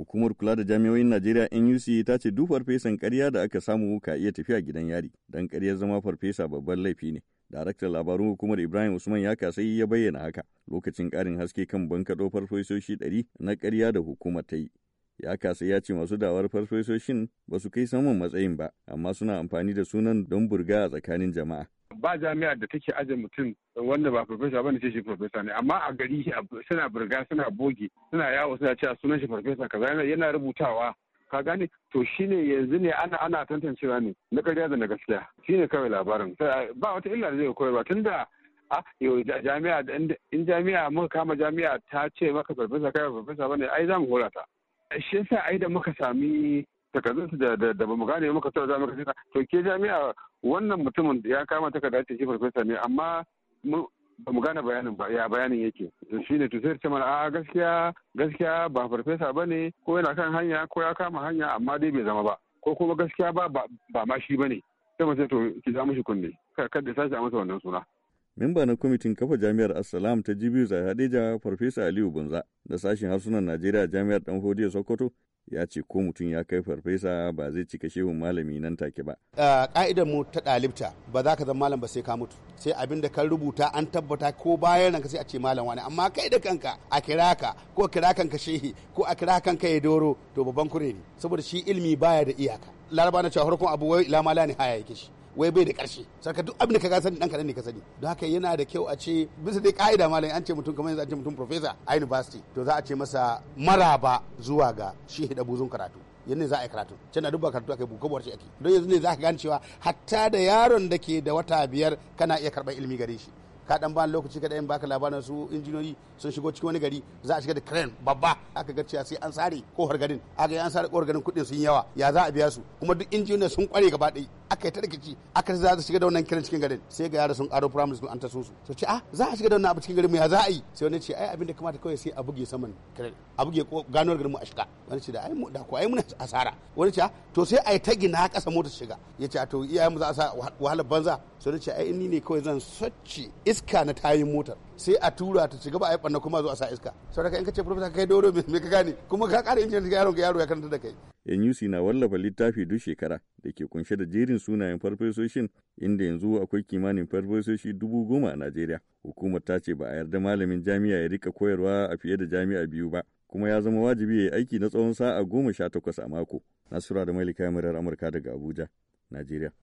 Hukumar kula da jami'oyin Najeriya NUC ta ce duk farfesan karya da aka samu ka iya tafiya gidan yari don karyar zama farfesa babban laifi ne. Daraktan labarun hukumar Ibrahim Usman ya kasai ya bayyana haka lokacin karin haske kan bankaɗo farfesoshi ɗari na karya da hukumar ta yi. ya kasa ya ce masu dawar farfesoshin ba su kai saman matsayin ba amma suna amfani da sunan don burga a tsakanin jama'a ba jami'ar da take ajin mutum wanda ba farfesa ba ne ce shi farfesa ne amma a gari suna burga suna bogi, suna yawo suna cewa sunan shi farfesa kaza yana rubutawa ka gane to shine yanzu ne ana ana tantancewa ne na karya da na gaskiya shine kawai labarin ba wata illa da zai koyar ba tunda a yau jami'a in jami'a muka kama jami'a ta ce maka farfesa kai farfesa ba ne, ai za mu hora ta shi yasa ai da muka sami takardun da da mu gane muka tsara mu ce to ke jami'a wannan mutumin ya kama ta takarda ce farfesa ne amma ba mu gane bayanin ba ya bayanin yake shi ne tusir ce mana a gaskiya gaskiya ba farfesa ba ne ko yana kan hanya ko ya kama hanya amma dai bai zama ba ko kuma gaskiya ba ba ma shi ba ne sai mace to ki za mushi kunne da sashi a masa wannan suna memba na kwamitin kafa jami'ar Assalam ta Jibiyu Zahadija Farfesa Aliyu Bunza da sashen harsunan Najeriya Jami'ar Dan Hodiya Sokoto ya ce ko mutum ya kai farfesa ba zai cika shehun malami nan take ba. Ka'idar mu ta ɗalibta ba za ka zama malam ba sai ka mutu sai abin da ka rubuta an tabbata ko bayan ranka sai a ce malam wani amma kai da kanka a kira ka ko kira kanka shehi ko a kira kanka ya doro to babban kure ne saboda shi ilimi baya da iyaka laraba na cewa farkon abu wai lamala ne haya yake shi wai bai da karshe saka duk abin da ka sani dan kaɗan ne ka sani don haka yana da kyau a ce bisa dai ka'ida malam an ce mutum kamar yanzu an ce mutum professor a university to za a ce masa maraba zuwa ga shi da buzun karatu yanne za a yi karatu can duba karatu ba karatu ake shi ake don yanzu ne za ka gane cewa hatta da yaron da ke da wata biyar kana iya karɓar ilimi gare shi ka dan ba lokaci ka dan baka labarin su injiniyoyi sun shigo cikin wani gari za a shiga da crane babba aka ga cewa sai an sare kohar garin aka yi an sare kohar garin kudin sun yawa ya za a biya su kuma duk injiniyoyi sun kware gaba ɗaya aka yi ta rikici aka za a shiga da wannan kiran cikin garin sai ga yara sun aro primary school an ta su to ce ah za a shiga da wannan abu cikin garin mu ya za a yi sai wani ce ai abin da kamata kawai sai a buge saman crane a buge ganuwar garin mu a shiga wani ce da ai da ko ai muna asara wani ce ah, to sai a yi ta gina kasa motar shiga ya ce ah, to iyayen mu za a sa wahalar banza sai ce ai ni ne kawai zan sacce iska na tayin motar sai a tura ta shiga ba a yi ɓanna kuma zo a sa iska sau in ka ce profesa kai doro me ka gane kuma ka ƙara injin da yaron ka yaro ya karanta da kai yusi na wallafa littafi duk shekara da ke kunshe da jerin sunayen farfesoshin inda yanzu akwai kimanin farfesoshi dubu goma a Najeriya. Hukumar ta ce ba a yarda malamin jami'a ya rika koyarwa a fiye da jami'a biyu ba, kuma ya zama wajibi ya yi aiki na tsawon sa'a goma sha takwas a mako. Nasura da Malika Yamirar Amurka daga Abuja, Najeriya.